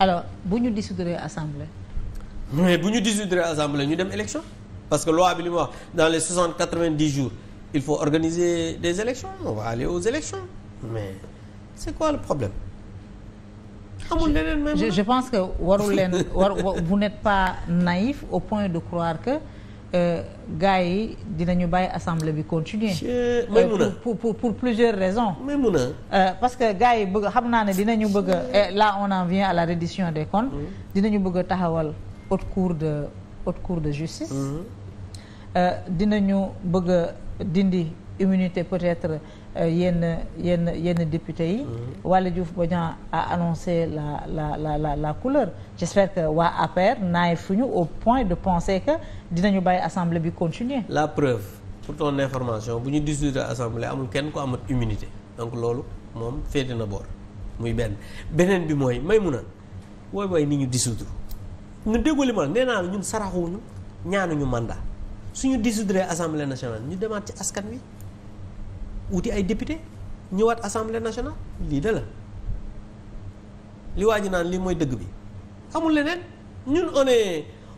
alors bu ñu dissoudre assemblée. mais bu ñu dissoudre assemblée ñu dem élection parce que loi bi li wax dans les soixante quatre vingt dix jours il faut organiser des élections on va aller aux élections mais c' est quoi le problème. amul leneen même je pense que warul leen war vous n'êtes pas naïf au point de croire que. Euh, gars yi dinañu bàyyi assemblée bi continuer may mun a pour pour pour plusieurs raisons euh, parce que gars yi bëgg xam naa ne dinañu bëgg a là on en vient à la reddition des comptes dinañu bëgg a taxawal haute cour de haute cour de justice mm-hmm. euh, dinañu bëgg a dindi immunité peut-être euh, yenn yenn yenn député yi mm-hmm. walla Diouf Bodian a annoncé la la la la la couleur j'espère que waa APR naay fu ñu au point de penser que dinañu bàyyi assemblée bi continuer la preuve pour ton information bu ñu dissoudre assemblée amul kenn ko amat immunité donc loolu moom féete na boor muy benn beneen bi mooy may mun a wooy wooy ni ñu dissoudre nga déggoo li ma nee naa ñun saraxuñu ñaanuñu mandat suñu dissoudre assemblée nationale ñu demaat ci askan wi wuti ay député ñëwaat assemblée nationale lii da la li waa naan lii mooy dëgg bi amul leneen ñun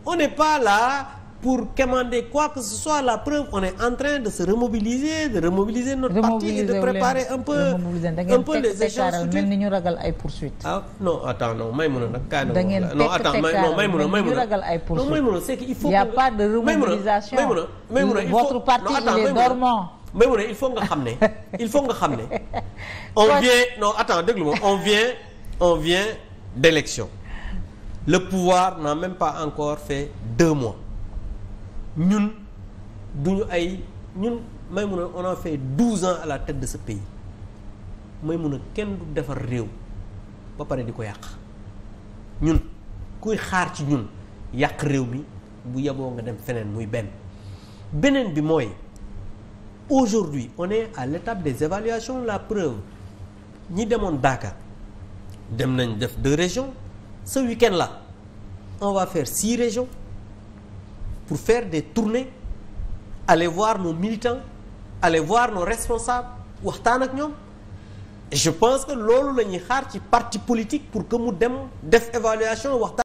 on est pas là pour quémander quoi que ce soit la preuve on est en train de se remobiliser de remobiliser notre parti et de préparer un peu un peu les échanges mel ni ñu ragal ay poursuites ah non attends non may mun a nag kaay da ngeen may mun a may mun a ragal ay poursuites non may mun a c'est qu'il faut a pas de remobilisation may mun a may mun a votre parti il est mais mu ne il faut nga xam ne il faut nga xam ne on vient non attends déglu ma on vient on vient d'élection le pouvoir n'a même pas encore fait deux mois ñun duñu ay ñun may mun a on a fait douze ans à la tête de ce pays may mun a kenn du defar réew ba pare di ko yàq ñun kuy xaar ci ñun yàq réew mi bu yeboo nga dem feneen muy benn beneen bi mooy aujourd'hui on est à l'étape des évaluations la preuve ñi demoon Dakar dem nañ def deux régions ce week-end on va faire six régions pour faire des tournées aller voir no militants aller voir nos responsables waxtaan ak ñoom je pense que loolu lañuy ñuy xaar ci parti politique pour que mu dem def évaluation waxtaan